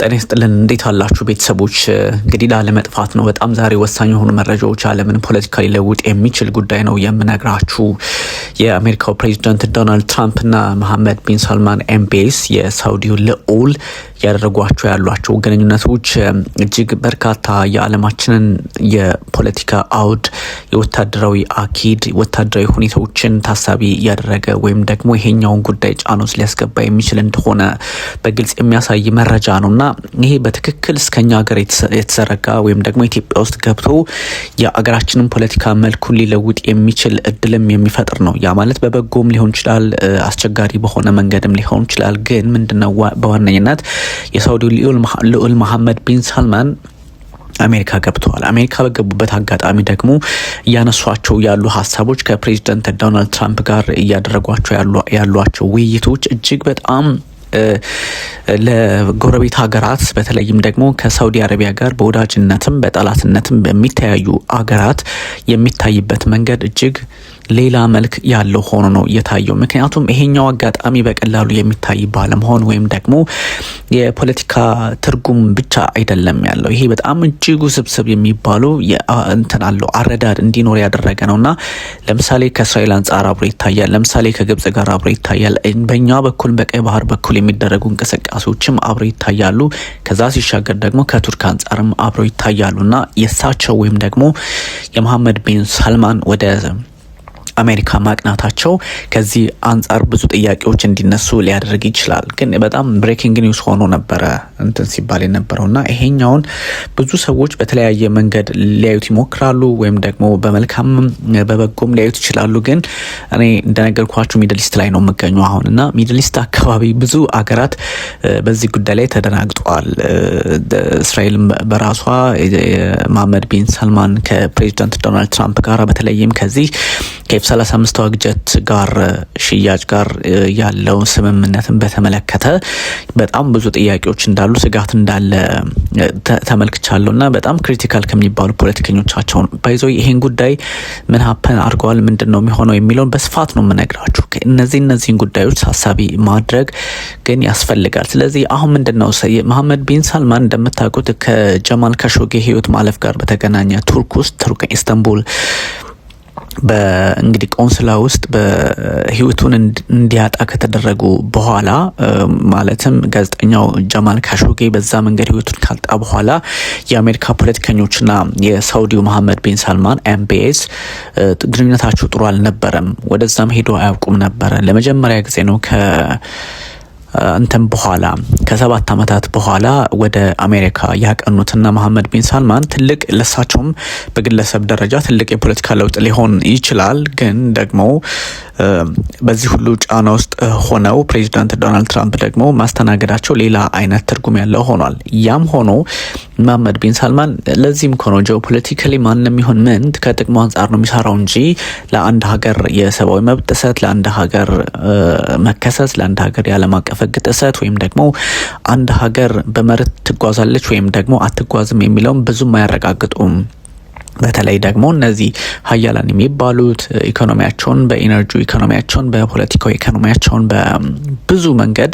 ጤና ይስጥልን እንዴት አላችሁ ቤተሰቦች? እንግዲህ ላለመጥፋት ነው። በጣም ዛሬ ወሳኝ የሆኑ መረጃዎች ዓለምን ፖለቲካ ሊለውጥ የሚችል ጉዳይ ነው የምነግራችሁ። የአሜሪካው ፕሬዚዳንት ዶናልድ ትራምፕና መሐመድ ቢን ሳልማን ኤምቢኤስ የሳውዲው ልዑል ያደረጓቸው ያሏቸው ግንኙነቶች እጅግ በርካታ የዓለማችንን የፖለቲካ አውድ፣ የወታደራዊ አኪድ፣ ወታደራዊ ሁኔታዎችን ታሳቢ ያደረገ ወይም ደግሞ ይሄኛውን ጉዳይ ጫኖስ ሊያስገባ የሚችል እንደሆነ በግልጽ የሚያሳይ መረጃ ነው። ይሄ በትክክል እስከኛ ሀገር የተዘረጋ ወይም ደግሞ ኢትዮጵያ ውስጥ ገብቶ የአገራችንን ፖለቲካ መልኩን ሊለውጥ የሚችል እድልም የሚፈጥር ነው። ያ ማለት በበጎም ሊሆን ይችላል፣ አስቸጋሪ በሆነ መንገድም ሊሆን ይችላል። ግን ምንድነው በዋነኝነት የሳውዲ ልዑል መሐመድ ቢን ሳልማን አሜሪካ ገብተዋል። አሜሪካ በገቡበት አጋጣሚ ደግሞ እያነሷቸው ያሉ ሀሳቦች ከፕሬዚደንት ዶናልድ ትራምፕ ጋር እያደረጓቸው ያሏቸው ውይይቶች እጅግ በጣም ለጎረቤት ሀገራት በተለይም ደግሞ ከሳውዲ አረቢያ ጋር በወዳጅነትም በጠላትነትም በሚተያዩ አገራት የሚታይበት መንገድ እጅግ ሌላ መልክ ያለው ሆኖ ነው የታየው። ምክንያቱም ይሄኛው አጋጣሚ በቀላሉ የሚታይ ባለመሆን ወይም ደግሞ የፖለቲካ ትርጉም ብቻ አይደለም ያለው። ይሄ በጣም እጅግ ውስብስብ የሚባሉ እንትን አለው አረዳድ እንዲኖር ያደረገ ነው እና ለምሳሌ ከእስራኤል አንጻር አብሮ ይታያል። ለምሳሌ ከግብጽ ጋር አብሮ ይታያል። በእኛ በኩል በቀይ ባህር በኩል የሚደረጉ እንቅስቃሴዎችም አብሮ ይታያሉ። ከዛ ሲሻገር ደግሞ ከቱርክ አንጻርም አብሮ ይታያሉ እና የሳቸው ወይም ደግሞ የመሐመድ ቢን ሰልማን ወደ አሜሪካ ማቅናታቸው ከዚህ አንጻር ብዙ ጥያቄዎች እንዲነሱ ሊያደርግ ይችላል። ግን በጣም ብሬኪንግ ኒውስ ሆኖ ነበረ እንትን ሲባል የነበረውና ይሄኛውን ብዙ ሰዎች በተለያየ መንገድ ሊያዩት ይሞክራሉ፣ ወይም ደግሞ በመልካም በበጎም ሊያዩት ይችላሉ። ግን እኔ እንደነገርኳችሁ ሚድሊስት ላይ ነው የምገኙ አሁን እና ሚድሊስት አካባቢ ብዙ አገራት በዚህ ጉዳይ ላይ ተደናግጠዋል። እስራኤልም በራሷ መሐመድ ቢን ሰልማን ከፕሬዚዳንት ዶናልድ ትራምፕ ጋር በተለይም ከዚህ ከኤፍ 35 ተዋጊ ጀት ጋር ሽያጭ ጋር ያለውን ስምምነትን በተመለከተ በጣም ብዙ ጥያቄዎች እንዳሉ ስጋት እንዳለ ተመልክቻለሁ እና በጣም ክሪቲካል ከሚባሉ ፖለቲከኞቻቸው ባይዞ ይሄን ጉዳይ ምን ሀፐን አድርገዋል፣ ምንድን ነው የሚሆነው የሚለውን በስፋት ነው የምነግራችሁ። እነዚህ እነዚህን ጉዳዮች ታሳቢ ማድረግ ግን ያስፈልጋል። ስለዚህ አሁን ምንድን ነው መሐመድ ቢን ሳልማን እንደምታውቁት ከጀማል ከሾጌ ህይወት ማለፍ ጋር በተገናኘ ቱርክ ውስጥ ቱርክ ኢስታንቡል በእንግዲህ ቆንስላ ውስጥ በህይወቱን እንዲያጣ ከተደረጉ በኋላ ማለትም ጋዜጠኛው ጀማል ካሾጌ በዛ መንገድ ህይወቱን ካልጣ በኋላ የአሜሪካ ፖለቲከኞችና የሳውዲው መሐመድ ቢን ሳልማን ኤምቢኤስ ግንኙነታቸው ጥሩ አልነበረም። ወደዛም ሄዶ አያውቁም ነበረ። ለመጀመሪያ ጊዜ ነው ከ እንትን በኋላ ከሰባት ዓመታት በኋላ ወደ አሜሪካ ያቀኑትና መሐመድ ቢን ሳልማን ትልቅ ለሳቸውም በግለሰብ ደረጃ ትልቅ የፖለቲካ ለውጥ ሊሆን ይችላል። ግን ደግሞ በዚህ ሁሉ ጫና ውስጥ ሆነው ፕሬዚዳንት ዶናልድ ትራምፕ ደግሞ ማስተናገዳቸው ሌላ አይነት ትርጉም ያለው ሆኗል። ያም ሆኖ መሐመድ ቢን ሳልማን ለዚህም እኮ ነው ጂኦፖለቲካሊ ማንም ይሁን ምን ከጥቅሙ አንጻር ነው የሚሰራው እንጂ ለአንድ ሀገር የሰብአዊ መብት ጥሰት፣ ለአንድ ሀገር መከሰስ፣ ለአንድ ሀገር የዓለም አቀፍ ሕግ ጥሰት ወይም ደግሞ አንድ ሀገር በመርህ ትጓዛለች ወይም ደግሞ አትጓዝም የሚለውም ብዙም አያረጋግጡም። በተለይ ደግሞ እነዚህ ሀያላን የሚባሉት ኢኮኖሚያቸውን በኢነርጂ ኢኮኖሚያቸውን በፖለቲካዊ ኢኮኖሚያቸውን በብዙ መንገድ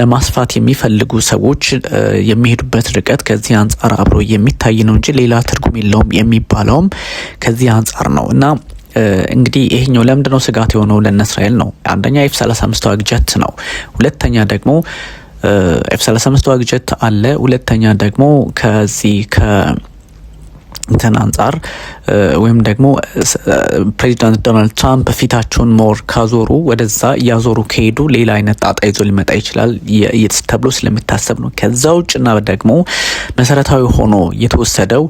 ለማስፋት የሚፈልጉ ሰዎች የሚሄዱበት ርቀት ከዚህ አንጻር አብሮ የሚታይ ነው እንጂ ሌላ ትርጉም የለውም የሚባለውም ከዚህ አንጻር ነው እና እንግዲህ ይሄኛው ለምንድነው ስጋት የሆነው ለነ እስራኤል ነው። አንደኛ ኤፍ 35 ተዋጊ ጀት ነው። ሁለተኛ ደግሞ ኤፍ 35 ተዋጊ ጀት አለ። ሁለተኛ ደግሞ ከዚህ ከ እንትን አንጻር ወይም ደግሞ ፕሬዚዳንት ዶናልድ ትራምፕ ፊታቸውን ሞር ካዞሩ ወደዛ እያዞሩ ከሄዱ ሌላ አይነት ጣጣ ይዞ ሊመጣ ይችላል ተብሎ ስለሚታሰብ ነው። ከዛ ውጭና ደግሞ መሰረታዊ ሆኖ የተወሰደው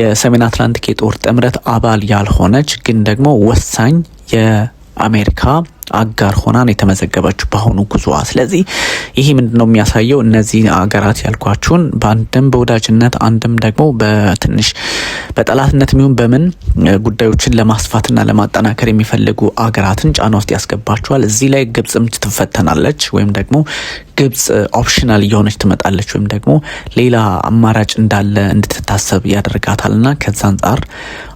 የሰሜን አትላንቲክ የጦር ጥምረት አባል ያልሆነች ግን ደግሞ ወሳኝ የአሜሪካ አጋር ሆናን የተመዘገበችው በአሁኑ ጉዞዋ። ስለዚህ ይህ ምንድን ነው የሚያሳየው? እነዚህ አገራት ያልኳችሁን በአንድም በወዳጅነት አንድም ደግሞ በትንሽ በጠላትነት የሚሆን በምን ጉዳዮችን ለማስፋትና ለማጠናከር የሚፈልጉ አገራትን ጫና ውስጥ ያስገባቸዋል። እዚህ ላይ ግብጽም ትፈተናለች ወይም ደግሞ ግብጽ ኦፕሽናል እየሆነች ትመጣለች ወይም ደግሞ ሌላ አማራጭ እንዳለ እንድትታሰብ ያደርጋታልና ከዛ አንጻር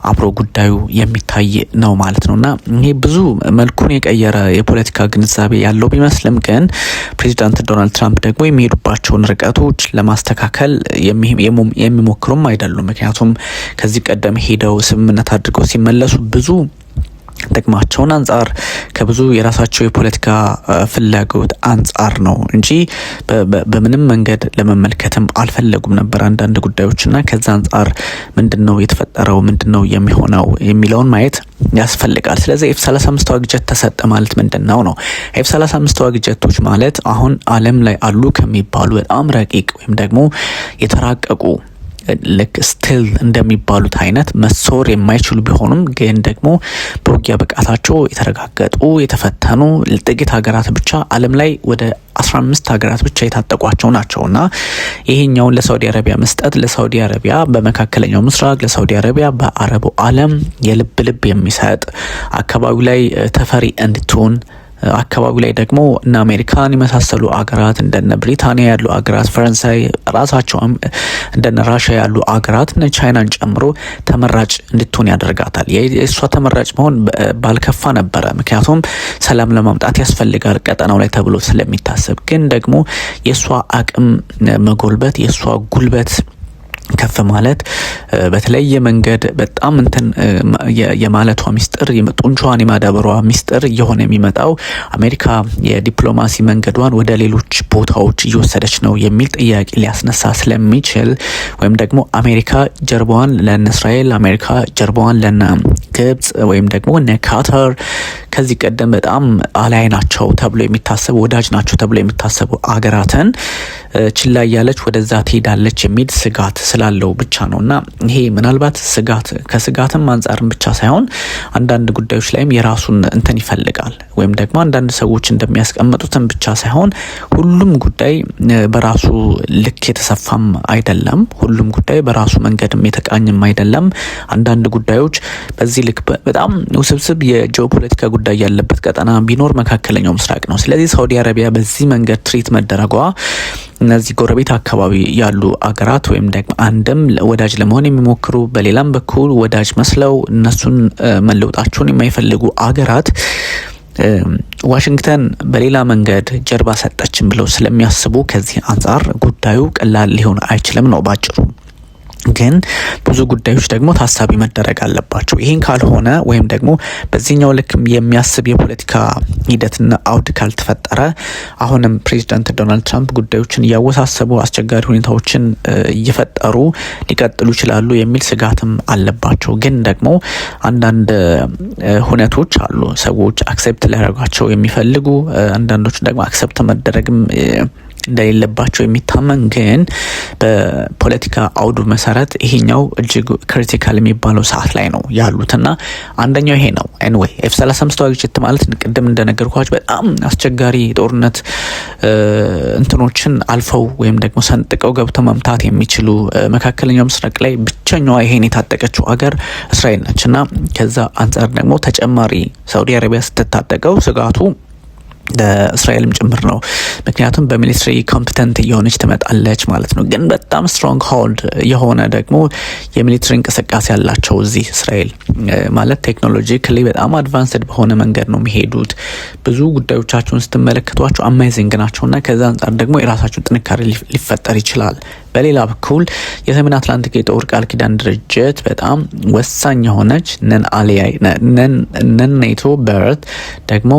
አብሮ ጉዳዩ የሚታይ ነው ማለት እና ይሄ ብዙ መልኩን የቀየረ የፖለቲካ ግንዛቤ ያለው ቢመስልም ግን ፕሬዚዳንት ዶናልድ ትራምፕ ደግሞ የሚሄዱባቸውን ርቀቶች ለማስተካከል የሚሞክሩም አይደሉም። ምክንያቱም ከዚህ ቀደም ሄደው ስምምነት አድርገው ሲመለሱ ብዙ ጥቅማቸውን አንጻር ከብዙ የራሳቸው የፖለቲካ ፍላጎት አንጻር ነው እንጂ በምንም መንገድ ለመመልከትም አልፈለጉም ነበር አንዳንድ ጉዳዮችና ከዛ አንጻር ምንድን ነው የተፈጠረው፣ ምንድን ነው የሚሆነው የሚለውን ማየት ያስፈልጋል። ስለዚህ ኤፍ 35 ተዋጊ ጀት ተሰጠ ማለት ምንድን ነው ነው? ኤፍ 35 ተዋጊ ጀቶች ማለት አሁን ዓለም ላይ አሉ ከሚባሉ በጣም ረቂቅ ወይም ደግሞ የተራቀቁ ልክ ስትል እንደሚባሉት አይነት መሶር የማይችሉ ቢሆኑም ግን ደግሞ በውጊያ ብቃታቸው የተረጋገጡ የተፈተኑ ጥቂት ሀገራት ብቻ ዓለም ላይ ወደ አስራ አምስት ሀገራት ብቻ የታጠቋቸው እና ይሄኛውን ለሳውዲ አረቢያ መስጠት ለሳውዲ አረቢያ በመካከለኛው ምስራቅ ለሳውዲ አረቢያ በአረቡ ዓለም የልብ ልብ የሚሰጥ አካባቢው ላይ ተፈሪ እንድትሆን አካባቢው ላይ ደግሞ እነ አሜሪካን የመሳሰሉ አገራት እንደነ ብሪታንያ ያሉ አገራት ፈረንሳይ ራሳቸውም እንደነ ራሽያ ያሉ አገራት እነ ቻይናን ጨምሮ ተመራጭ እንድትሆን ያደርጋታል። የእሷ ተመራጭ መሆን ባልከፋ ነበረ። ምክንያቱም ሰላም ለማምጣት ያስፈልጋል ቀጠናው ላይ ተብሎ ስለሚታሰብ ግን ደግሞ የእሷ አቅም መጎልበት የእሷ ጉልበት ከፍ ማለት በተለየ መንገድ በጣም እንትን የማለቷ ሚስጥር ጡንቿን የማዳበሯ ሚስጥር እየሆነ የሚመጣው አሜሪካ የዲፕሎማሲ መንገዷን ወደ ሌሎች ቦታዎች እየወሰደች ነው የሚል ጥያቄ ሊያስነሳ ስለሚችል ወይም ደግሞ አሜሪካ ጀርባዋን ለእነ እስራኤል አሜሪካ ጀርባዋን ለእነ ግብጽ ወይም ደግሞ እነ ካታር ከዚህ ቀደም በጣም አላይ ናቸው ተብሎ የሚታሰቡ ወዳጅ ናቸው ተብሎ የሚታሰቡ አገራትን ችላ እያለች ወደዛ ትሄዳለች የሚል ስጋት ስላለው ብቻ ነው እና ይሄ ምናልባት ስጋት ከስጋትም አንጻርም ብቻ ሳይሆን አንዳንድ ጉዳዮች ላይም የራሱን እንትን ይፈልጋል ወይም ደግሞ አንዳንድ ሰዎች እንደሚያስቀምጡትን ብቻ ሳይሆን ሁሉም ጉዳይ በራሱ ልክ የተሰፋም አይደለም። ሁሉም ጉዳይ በራሱ መንገድም የተቃኝም አይደለም። አንዳንድ ጉዳዮች በዚህ ልክ በጣም ውስብስብ የጂኦፖለቲካ ጉዳይ ያለበት ቀጠና ቢኖር መካከለኛው ምስራቅ ነው። ስለዚህ ሳውዲ አረቢያ በዚህ መንገድ ትሪት መደረጓ እነዚህ ጎረቤት አካባቢ ያሉ አገራት ወይም ደግሞ አንድም ወዳጅ ለመሆን የሚሞክሩ በሌላም በኩል ወዳጅ መስለው እነሱን መለውጣቸውን የማይፈልጉ አገራት ዋሽንግተን በሌላ መንገድ ጀርባ ሰጠችን ብለው ስለሚያስቡ ከዚህ አንጻር ጉዳዩ ቀላል ሊሆን አይችልም ነው ባጭሩ። ግን ብዙ ጉዳዮች ደግሞ ታሳቢ መደረግ አለባቸው። ይህን ካልሆነ ወይም ደግሞ በዚህኛው ልክ የሚያስብ የፖለቲካ ሂደትና አውድ ካልተፈጠረ አሁንም ፕሬዚዳንት ዶናልድ ትራምፕ ጉዳዮችን እያወሳሰቡ አስቸጋሪ ሁኔታዎችን እየፈጠሩ ሊቀጥሉ ይችላሉ የሚል ስጋትም አለባቸው። ግን ደግሞ አንዳንድ ሁነቶች አሉ ሰዎች አክሴፕት ሊያደርጓቸው የሚፈልጉ አንዳንዶች ደግሞ አክሴፕት መደረግም እንደሌለባቸው የሚታመን ግን በፖለቲካ አውዱ መሰረት ይሄኛው እጅግ ክሪቲካል የሚባለው ሰዓት ላይ ነው ያሉትና አንደኛው ይሄ ነው። ኤንወይ ኤፍ ሰላሳ አምስት ተዋጊ ማለት ቅድም እንደነገርኳቸው በጣም አስቸጋሪ ጦርነት እንትኖችን አልፈው ወይም ደግሞ ሰንጥቀው ገብተው መምታት የሚችሉ መካከለኛው ምስራቅ ላይ ብቸኛዋ ይሄን የታጠቀችው አገር እስራኤል ነች እና ከዛ አንጻር ደግሞ ተጨማሪ ሳውዲ አረቢያ ስትታጠቀው ስጋቱ ለእስራኤልም ጭምር ነው። ምክንያቱም በሚሊትሪ ኮምፒተንት እየሆነች ትመጣለች ማለት ነው። ግን በጣም ስትሮንግ ሆልድ የሆነ ደግሞ የሚሊትሪ እንቅስቃሴ ያላቸው እዚህ እስራኤል ማለት ቴክኖሎጂካሊ በጣም አድቫንስድ በሆነ መንገድ ነው የሚሄዱት። ብዙ ጉዳዮቻቸውን ስትመለከቷቸው አማይዚንግ ናቸው እና ከዛ አንጻር ደግሞ የራሳቸው ጥንካሬ ሊፈጠር ይችላል በሌላ በኩል የሰሜን አትላንቲክ የጦር ቃል ኪዳን ድርጅት በጣም ወሳኝ የሆነች ነን ኔቶ በርት ደግሞ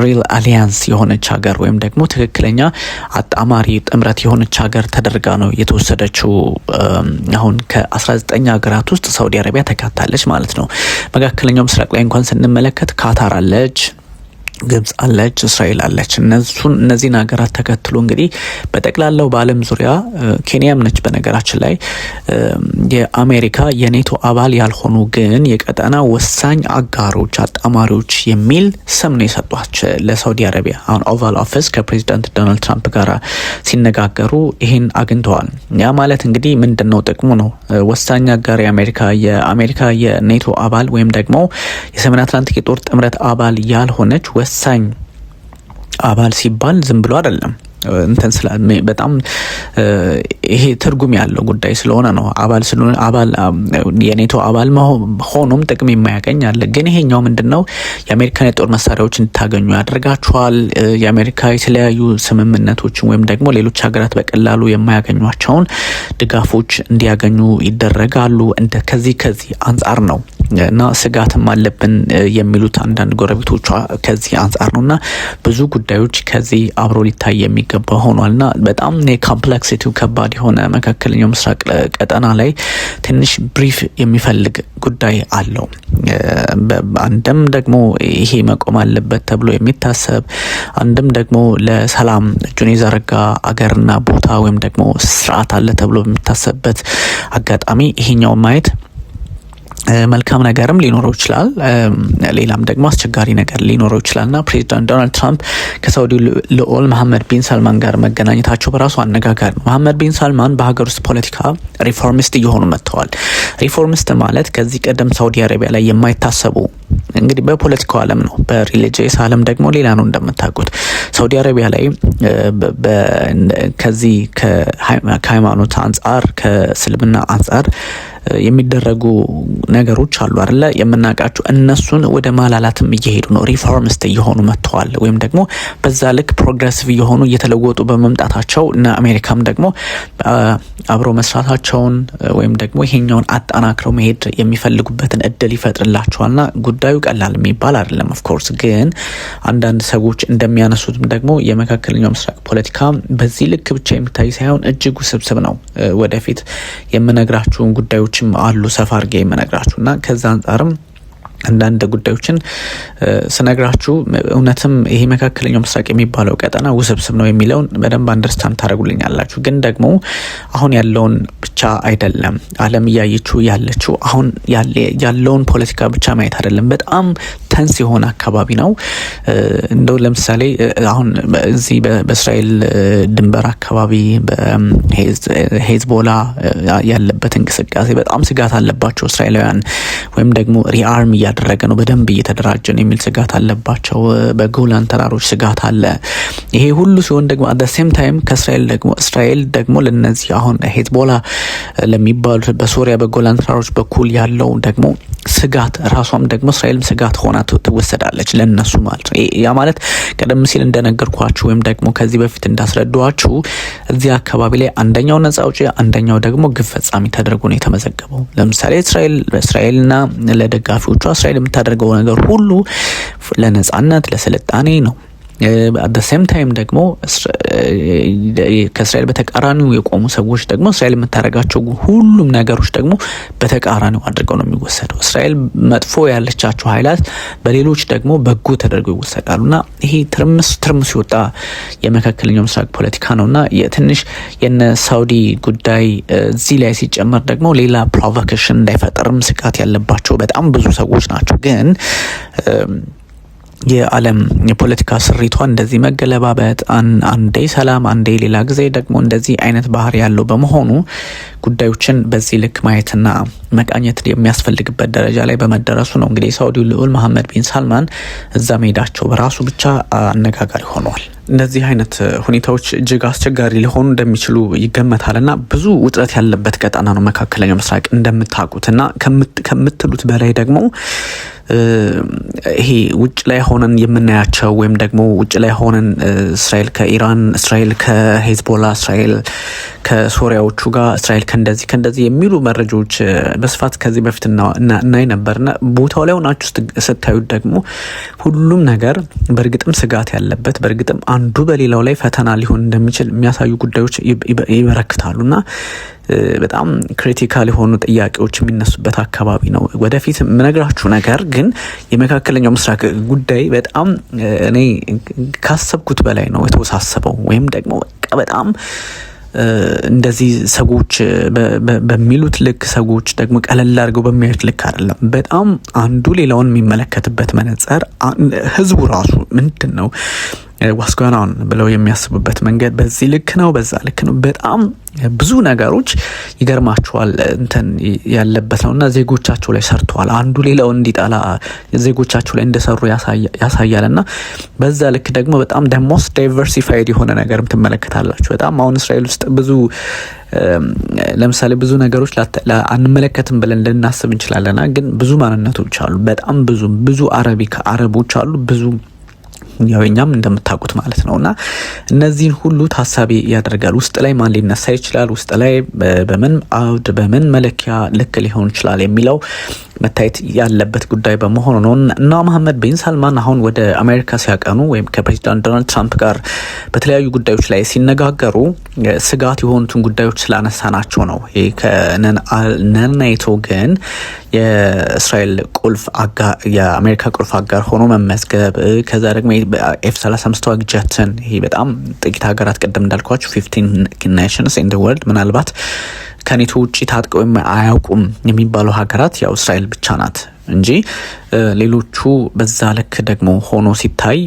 ሪል አሊያንስ የሆነች ሀገር ወይም ደግሞ ትክክለኛ አጣማሪ ጥምረት የሆነች ሀገር ተደርጋ ነው የተወሰደችው። አሁን ከ19 ሀገራት ውስጥ ሳውዲ አረቢያ ተካታለች ማለት ነው። መካከለኛው ምስራቅ ላይ እንኳን ስንመለከት ካታር አለች። ግብጽ አለች፣ እስራኤል አለች። እነሱን እነዚህን ሀገራት ተከትሎ እንግዲህ በጠቅላላው በዓለም ዙሪያ ኬንያም ነች በነገራችን ላይ የአሜሪካ የኔቶ አባል ያልሆኑ ግን የቀጠና ወሳኝ አጋሮች አጣማሪዎች የሚል ስም ነው የሰጧች ለሳውዲ አረቢያ። አሁን ኦቫል ኦፊስ ከፕሬዚዳንት ዶናልድ ትራምፕ ጋር ሲነጋገሩ ይህን አግኝተዋል። ያ ማለት እንግዲህ ምንድን ነው ጥቅሙ ነው ወሳኝ አጋር የአሜሪካ የአሜሪካ የኔቶ አባል ወይም ደግሞ የሰሜን አትላንቲክ የጦር ጥምረት አባል ያልሆነች ወሳኝ አባል ሲባል ዝም ብሎ አይደለም። እንትን ስለ በጣም ይሄ ትርጉም ያለው ጉዳይ ስለሆነ ነው። አባል ስለሆነ አባል የኔቶ አባል ሆኖም ጥቅም የማያገኝ አለ። ግን ይሄኛው ምንድን ነው? የአሜሪካን የጦር መሳሪያዎች እንድታገኙ ያደርጋችኋል። የአሜሪካ የተለያዩ ስምምነቶችን ወይም ደግሞ ሌሎች ሀገራት በቀላሉ የማያገኟቸውን ድጋፎች እንዲያገኙ ይደረጋሉ። እንደ ከዚህ ከዚህ አንጻር ነው እና ስጋትም አለብን የሚሉት አንዳንድ ጎረቤቶቿ ከዚህ አንጻር ነው እና ብዙ ጉዳዮች ከዚህ አብሮ ሊታይ የሚ የሚገባ ሆኗል ና በጣም የኮምፕሌክሲቲው ከባድ የሆነ መካከለኛው ምስራቅ ቀጠና ላይ ትንሽ ብሪፍ የሚፈልግ ጉዳይ አለው። አንድም ደግሞ ይሄ መቆም አለበት ተብሎ የሚታሰብ አንድም ደግሞ ለሰላም እጁን የዘረጋ አገርና ቦታ ወይም ደግሞ ስርዓት አለ ተብሎ በሚታሰብበት አጋጣሚ ይሄኛው ማየት መልካም ነገርም ሊኖረው ይችላል፣ ሌላም ደግሞ አስቸጋሪ ነገር ሊኖረው ይችላል እና ፕሬዚዳንት ዶናልድ ትራምፕ ከሳውዲ ልዑል መሐመድ ቢን ሰልማን ጋር መገናኘታቸው በራሱ አነጋጋሪ ነው። መሐመድ ቢን ሰልማን በሀገር ውስጥ ፖለቲካ ሪፎርሚስት እየሆኑ መጥተዋል። ሪፎርሚስት ማለት ከዚህ ቀደም ሳውዲ አረቢያ ላይ የማይታሰቡ እንግዲህ በፖለቲካው ዓለም ነው፣ በሪሊጂየስ ዓለም ደግሞ ሌላ ነው። እንደምታውቁት ሳውዲ አረቢያ ላይ ከዚህ ከሃይማኖት አንጻር ከእስልምና አንጻር የሚደረጉ ነገሮች አሉ አለ የምናውቃቸው እነሱን ወደ ማላላትም እየሄዱ ነው። ሪፎርምስት እየሆኑ መጥተዋል። ወይም ደግሞ በዛ ልክ ፕሮግረሲቭ እየሆኑ እየተለወጡ በመምጣታቸው እና አሜሪካም ደግሞ አብሮ መስራታቸውን ወይም ደግሞ ይሄኛውን አጠናክረው መሄድ የሚፈልጉበትን እድል ይፈጥርላቸዋልና ጉዳዩ ቀላል የሚባል አይደለም። ኦፍኮርስ ግን አንዳንድ ሰዎች እንደሚያነሱትም ደግሞ የመካከለኛው ምስራቅ ፖለቲካ በዚህ ልክ ብቻ የሚታይ ሳይሆን እጅግ ውስብስብ ነው። ወደፊት የምነግራችሁን ጉዳዮች ነገሮችም አሉ ሰፋ አድርጌ የምነግራችሁ እና ከዛ አንጻርም አንዳንድ ጉዳዮችን ስነግራችሁ እውነትም ይሄ መካከለኛው ምስራቅ የሚባለው ቀጠና ውስብስብ ነው የሚለውን በደንብ አንደርስታንድ ታደርጉልኛላችሁ። ግን ደግሞ አሁን ያለውን ብቻ አይደለም ዓለም እያየችው ያለችው አሁን ያለውን ፖለቲካ ብቻ ማየት አይደለም። በጣም ተንስ የሆነ አካባቢ ነው። እንደው ለምሳሌ አሁን እዚህ በእስራኤል ድንበር አካባቢ ሄዝቦላ ያለበት እንቅስቃሴ በጣም ስጋት አለባቸው እስራኤላውያን ወይም ደግሞ ሪአርም እያ እያደረገ ነው፣ በደንብ እየተደራጀ ነው የሚል ስጋት አለባቸው። በጎላን ተራሮች ስጋት አለ። ይሄ ሁሉ ሲሆን ደግሞ አደ ሴም ታይም ከእስራኤል ደግሞ እስራኤል ደግሞ ለነዚህ አሁን ሄዝቦላ ለሚባሉት በሶሪያ በጎላን ተራሮች በኩል ያለው ደግሞ ስጋት ራሷም ደግሞ እስራኤልም ስጋት ሆና ትወሰዳለች ለነሱ ማለት ነው። ያ ማለት ቀደም ሲል እንደነገርኳችሁ ወይም ደግሞ ከዚህ በፊት እንዳስረዷችሁ እዚህ አካባቢ ላይ አንደኛው ነጻ አውጪ፣ አንደኛው ደግሞ ግፍ ፈጻሚ ተደርጎ ነው የተመዘገበው። ለምሳሌ እስራኤል እስራኤልና ለደጋፊዎቿ እስራኤል የምታደርገው ነገር ሁሉ ለነጻነት፣ ለስልጣኔ ነው። በሴም um, ታይም ደግሞ uh, ከእስራኤል በተቃራኒው የቆሙ ሰዎች ደግሞ እስራኤል የምታደርጋቸው ሁሉም ነገሮች ደግሞ በተቃራኒው አድርገው ነው የሚወሰደው። እስራኤል መጥፎ ያለቻቸው ኃይላት በሌሎች ደግሞ በጎ ተደርገው ይወሰዳሉ እና ይሄ ትርምስ ትርምስ የወጣ የመካከለኛው ምስራቅ ፖለቲካ ነው እና ትንሽ የነ ሳውዲ ጉዳይ uh, እዚህ ላይ ሲጨመር ደግሞ ሌላ ፕሮቮኬሽን እንዳይፈጠርም ስጋት ያለባቸው በጣም ብዙ ሰዎች ናቸው ግን um, የዓለም የፖለቲካ ስሪቷ እንደዚህ መገለባበጥ፣ አንዴ ሰላም፣ አንዴ ሌላ ጊዜ ደግሞ እንደዚህ አይነት ባህሪ ያለው በመሆኑ ጉዳዮችን በዚህ ልክ ማየትና መቃኘት የሚያስፈልግበት ደረጃ ላይ በመደረሱ ነው። እንግዲህ የሳውዲው ልዑል መሐመድ ቢን ሳልማን እዛ መሄዳቸው በራሱ ብቻ አነጋጋሪ ሆነዋል። እንደዚህ አይነት ሁኔታዎች እጅግ አስቸጋሪ ሊሆኑ እንደሚችሉ ይገመታል እና ብዙ ውጥረት ያለበት ቀጠና ነው መካከለኛው ምስራቅ እንደምታውቁት እና ከምትሉት በላይ ደግሞ ይሄ ውጭ ላይ ሆነን የምናያቸው ወይም ደግሞ ውጭ ላይ ሆነን እስራኤል ከኢራን፣ እስራኤል ከሄዝቦላ፣ እስራኤል ከሶሪያዎቹ ጋር እስራኤል ከእንደዚህ ከእንደዚህ የሚሉ መረጃዎች በስፋት ከዚህ በፊት እናይ ነበርና ቦታው ላይ ሆናችሁ ስታዩት ደግሞ ሁሉም ነገር በእርግጥም ስጋት ያለበት በእርግጥም አንዱ በሌላው ላይ ፈተና ሊሆን እንደሚችል የሚያሳዩ ጉዳዮች ይበረክታሉ ና በጣም ክሪቲካል የሆኑ ጥያቄዎች የሚነሱበት አካባቢ ነው። ወደፊት የምነግራችሁ ነገር ግን የመካከለኛው ምስራቅ ጉዳይ በጣም እኔ ካሰብኩት በላይ ነው የተወሳሰበው ወይም ደግሞ በጣም እንደዚህ ሰዎች በሚሉት ልክ ሰዎች ደግሞ ቀለል አድርገው በሚያዩት ልክ አይደለም። በጣም አንዱ ሌላውን የሚመለከትበት መነጽር ህዝቡ ራሱ ምንድን ነው ዋስጓናውን ብለው የሚያስቡበት መንገድ በዚህ ልክ ነው፣ በዛ ልክ ነው። በጣም ብዙ ነገሮች ይገርማቸዋል እንትን ያለበት ነው እና ዜጎቻቸው ላይ ሰርተዋል። አንዱ ሌላው እንዲጠላ ዜጎቻቸው ላይ እንደሰሩ ያሳያል። እና በዛ ልክ ደግሞ በጣም ደሞስ ዳይቨርሲፋይድ የሆነ ነገርም ትመለከታላችሁ። በጣም አሁን እስራኤል ውስጥ ብዙ ለምሳሌ ብዙ ነገሮች አንመለከትም ብለን ልናስብ እንችላለና ግን ብዙ ማንነቶች አሉ። በጣም ብዙ ብዙ አረቢ አረቦች አሉ ብዙ ያው እኛም እንደምታውቁት ማለት ነው እና እነዚህን ሁሉ ታሳቢ ያደርጋል። ውስጥ ላይ ማን ሊነሳ ይችላል፣ ውስጥ ላይ በምን አውድ በምን መለኪያ ልክ ሊሆን ይችላል የሚለው መታየት ያለበት ጉዳይ በመሆኑ ነው እና መሐመድ ቢን ሳልማን አሁን ወደ አሜሪካ ሲያቀኑ ወይም ከፕሬዚዳንት ዶናልድ ትራምፕ ጋር በተለያዩ ጉዳዮች ላይ ሲነጋገሩ ስጋት የሆኑትን ጉዳዮች ስላነሳናቸው ነው። ከነናይቶ ግን የእስራኤል ቁልፍ የአሜሪካ ቁልፍ አጋር ሆኖ መመዝገብ ከዛ ደግሞ ኤፍ ሰላሳ ተዋጊ ጀትን ይሄ በጣም ጥቂት ሀገራት ቅድም እንዳልኳቸው ፊፍቲን ኔሽንስ ኢን ወርልድ ምናልባት ከኔቶ ውጭ ታጥቀው አያውቁም የሚባሉ ሀገራት ያው እስራኤል ብቻ ናት እንጂ ሌሎቹ በዛ ልክ ደግሞ ሆኖ ሲታይ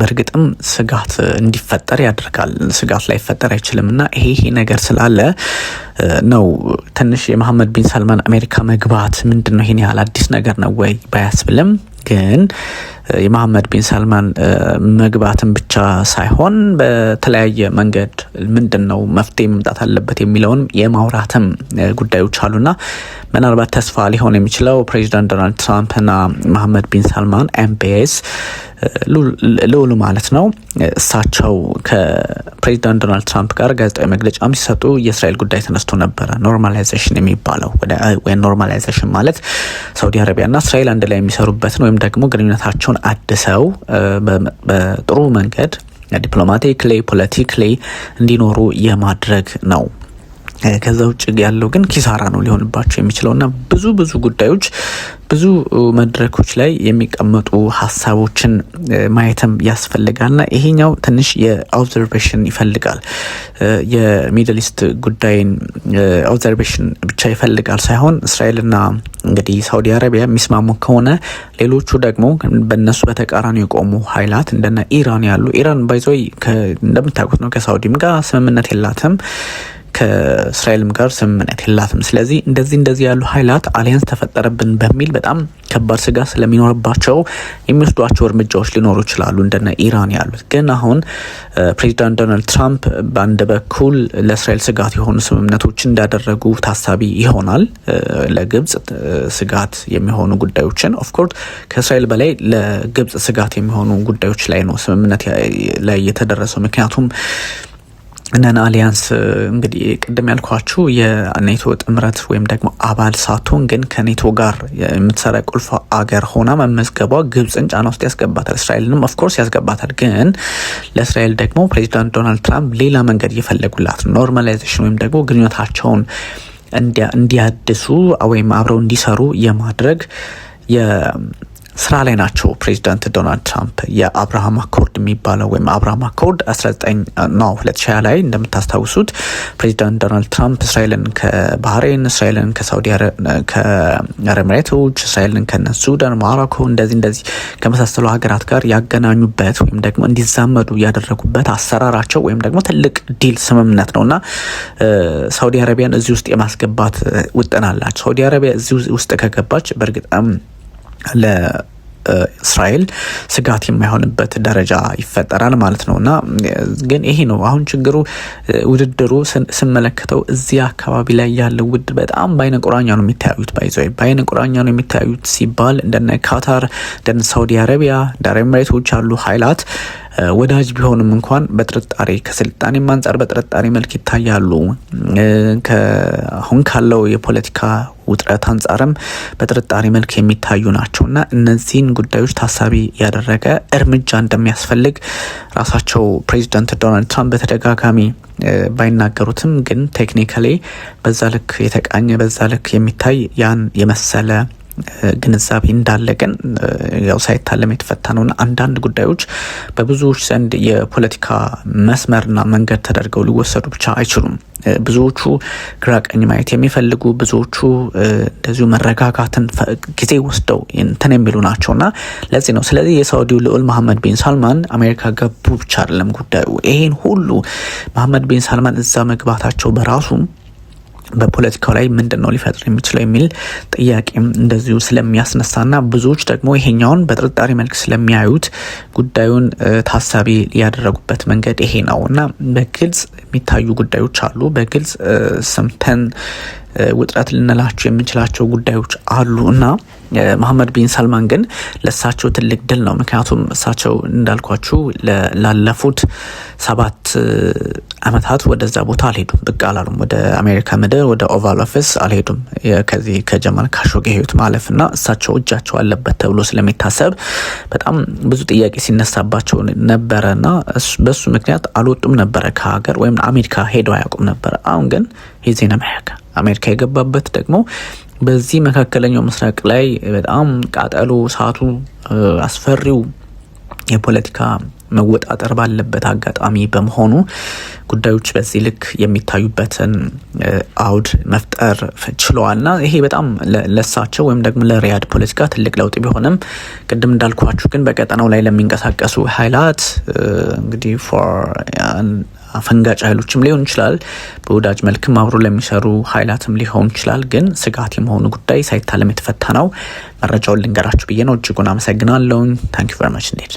በእርግጥም ስጋት እንዲፈጠር ያደርጋል። ስጋት ላይፈጠር አይችልም እና ይሄ ይሄ ነገር ስላለ ነው ትንሽ የመሐመድ ቢን ሰልማን አሜሪካ መግባት ምንድን ነው ይሄን ያህል አዲስ ነገር ነው ወይ ባያስብልም ግን የመሐመድ ቢን ሰልማን መግባትን ብቻ ሳይሆን በተለያየ መንገድ ምንድን ነው መፍትሄ መምጣት አለበት የሚለውን የማውራትም ጉዳዮች አሉና ምናልባት ተስፋ ሊሆን የሚችለው ፕሬዚዳንት ዶናልድ ትራምፕና መሐመድ ቢን ሰልማን ኤምቢኤስ ልውሉ ማለት ነው። እሳቸው ከፕሬዚዳንት ዶናልድ ትራምፕ ጋር ጋዜጣዊ መግለጫም ሲሰጡ የእስራኤል ጉዳይ ተነስቶ ነበረ። ኖርማላይዜሽን የሚባለው ወይም ኖርማላይዜሽን ማለት ሳውዲ አረቢያና እስራኤል አንድ ላይ የሚሰሩበትን ወይም ደግሞ ግንኙነታቸውን ሀገራቸውን አድሰው በጥሩ መንገድ ዲፕሎማቲክሊ ፖለቲክሊ እንዲኖሩ የማድረግ ነው ከዛ ውጭ ያለው ግን ኪሳራ ነው ሊሆንባቸው የሚችለው እና ብዙ ብዙ ጉዳዮች ብዙ መድረኮች ላይ የሚቀመጡ ሀሳቦችን ማየትም ያስፈልጋል ይሄኛው ትንሽ የኦብዘርቬሽን ይፈልጋል። የሚድል ኢስት ጉዳይን ኦብዘርቬሽን ብቻ ይፈልጋል ሳይሆን እስራኤልና እንግዲህ ሳውዲ አረቢያ የሚስማሙ ከሆነ ሌሎቹ ደግሞ በእነሱ በተቃራኒ የቆሙ ሀይላት እንደነ ኢራን ያሉ ኢራን ባይዘይ እንደምታውቁት ነው ከሳውዲም ጋር ስምምነት የላትም። ከእስራኤልም ጋር ስምምነት የላትም። ስለዚህ እንደዚህ እንደዚህ ያሉ ኃይላት አሊያንስ ተፈጠረብን በሚል በጣም ከባድ ስጋት ስለሚኖርባቸው የሚወስዷቸው እርምጃዎች ሊኖሩ ይችላሉ እንደነ ኢራን ያሉት። ግን አሁን ፕሬዚዳንት ዶናልድ ትራምፕ በአንድ በኩል ለእስራኤል ስጋት የሆኑ ስምምነቶች እንዳደረጉ ታሳቢ ይሆናል። ለግብጽ ስጋት የሚሆኑ ጉዳዮችን ኦፍኮርስ ከእስራኤል በላይ ለግብጽ ስጋት የሚሆኑ ጉዳዮች ላይ ነው ስምምነት ላይ የተደረሰው ምክንያቱም እነን አሊያንስ እንግዲህ ቅድም ያልኳችሁ የኔቶ ጥምረት ወይም ደግሞ አባል ሳትሆን ግን ከኔቶ ጋር የምትሰራ ቁልፍ አገር ሆና መመዝገቧ ግብፅን ጫና ውስጥ ያስገባታል፣ እስራኤልንም ኦፍኮርስ ያስገባታል። ግን ለእስራኤል ደግሞ ፕሬዚዳንት ዶናልድ ትራምፕ ሌላ መንገድ እየፈለጉላት ኖርማላይዜሽን ወይም ደግሞ ግንኙነታቸውን እንዲያድሱ ወይም አብረው እንዲሰሩ የማድረግ ስራ ላይ ናቸው። ፕሬዚዳንት ዶናልድ ትራምፕ የአብርሃም አኮርድ የሚባለው ወይም አብርሃም አኮርድ 19 ነው 2020 ላይ እንደምታስታውሱት ፕሬዚዳንት ዶናልድ ትራምፕ እስራኤልን ከባህሬን፣ እስራኤልን ከሳውዲ ከረምሬቶች፣ እስራኤልን ከነ ሱዳን፣ ሞሮኮ እንደዚህ እንደዚህ ከመሳሰሉ ሀገራት ጋር ያገናኙበት ወይም ደግሞ እንዲዛመዱ ያደረጉበት አሰራራቸው ወይም ደግሞ ትልቅ ዲል ስምምነት ነው እና ሳውዲ አረቢያን እዚህ ውስጥ የማስገባት ውጥን አላቸው። ሳውዲ አረቢያ እዚህ ውስጥ ከገባች በእርግጥም ለእስራኤል ስጋት የማይሆንበት ደረጃ ይፈጠራል ማለት ነው። እና ግን ይሄ ነው አሁን ችግሩ። ውድድሩ ስመለከተው እዚህ አካባቢ ላይ ያለው ውድ በጣም በአይነ ቁራኛ ነው የሚታዩት። ባይዘ በአይነ ቁራኛ ነው የሚታዩት ሲባል እንደነ ካታር እንደነ ሳውዲ አረቢያ እንደ ኤምሬቶች አሉ ሀይላት ወዳጅ ቢሆንም እንኳን በጥርጣሬ ከስልጣኔም አንጻር በጥርጣሬ መልክ ይታያሉ። አሁን ካለው የፖለቲካ ውጥረት አንጻርም በጥርጣሬ መልክ የሚታዩ ናቸው እና እነዚህን ጉዳዮች ታሳቢ ያደረገ እርምጃ እንደሚያስፈልግ ራሳቸው ፕሬዚዳንት ዶናልድ ትራምፕ በተደጋጋሚ ባይናገሩትም ግን ቴክኒካሊ በዛ ልክ የተቃኘ በዛ ልክ የሚታይ ያን የመሰለ ግንዛቤ እንዳለ ግን ያው ሳይታለም የተፈታ ነውና አንዳንድ ጉዳዮች በብዙዎች ዘንድ የፖለቲካ መስመርና መንገድ ተደርገው ሊወሰዱ ብቻ አይችሉም። ብዙዎቹ ግራቀኝ ማየት የሚፈልጉ ብዙዎቹ እንደዚሁ መረጋጋትን ጊዜ ወስደው እንትን የሚሉ ናቸውና ለዚህ ነው። ስለዚህ የሳውዲው ልዑል መሐመድ ቢን ሳልማን አሜሪካ ገቡ ብቻ አይደለም ጉዳዩ። ይሄን ሁሉ መሐመድ ቢን ሳልማን እዛ መግባታቸው በራሱም በፖለቲካው ላይ ምንድን ነው ሊፈጥር የሚችለው የሚል ጥያቄም እንደዚሁ ስለሚያስነሳና ብዙዎች ደግሞ ይሄኛውን በጥርጣሬ መልክ ስለሚያዩት ጉዳዩን ታሳቢ ያደረጉበት መንገድ ይሄ ነው እና በግልጽ የሚታዩ ጉዳዮች አሉ። በግልጽ ሰምተን ውጥረት ልንላቸው የምንችላቸው ጉዳዮች አሉ እና መሐመድ ቢን ሰልማን ግን ለእሳቸው ትልቅ ድል ነው። ምክንያቱም እሳቸው እንዳልኳችሁ ላለፉት ሰባት አመታት ወደዛ ቦታ አልሄዱም፣ ብቅ አላሉም። ወደ አሜሪካ ምድር ወደ ኦቫል ኦፊስ አልሄዱም። ከዚህ ከጀማል ካሾጌ ህይወት ማለፍ እና እሳቸው እጃቸው አለበት ተብሎ ስለሚታሰብ በጣም ብዙ ጥያቄ ሲነሳባቸው ነበረና በሱ ምክንያት አልወጡም ነበረ ከሀገር ወይም አሜሪካ ሄደው አያውቁም ነበረ። አሁን ግን የዜና መያካ አሜሪካ የገባበት ደግሞ በዚህ መካከለኛው ምስራቅ ላይ በጣም ቃጠሎ፣ እሳቱ፣ አስፈሪው የፖለቲካ መወጣጠር ባለበት አጋጣሚ በመሆኑ ጉዳዮች በዚህ ልክ የሚታዩበትን አውድ መፍጠር ችለዋልና ይሄ በጣም ለሳቸው ወይም ደግሞ ለሪያድ ፖለቲካ ትልቅ ለውጥ ቢሆንም ቅድም እንዳልኳችሁ ግን በቀጠናው ላይ ለሚንቀሳቀሱ ኃይላት እንግዲህ አፈንጋጭ ኃይሎችም ሊሆን ይችላል፣ በወዳጅ መልክም አብሮ ለሚሰሩ ኃይላትም ሊሆን ይችላል። ግን ስጋት የመሆኑ ጉዳይ ሳይታለም የተፈታ ነው። መረጃውን ልንገራችሁ ብዬ ነው። እጅጉን አመሰግናለሁ ታንክ ዩ ቨሪ ማች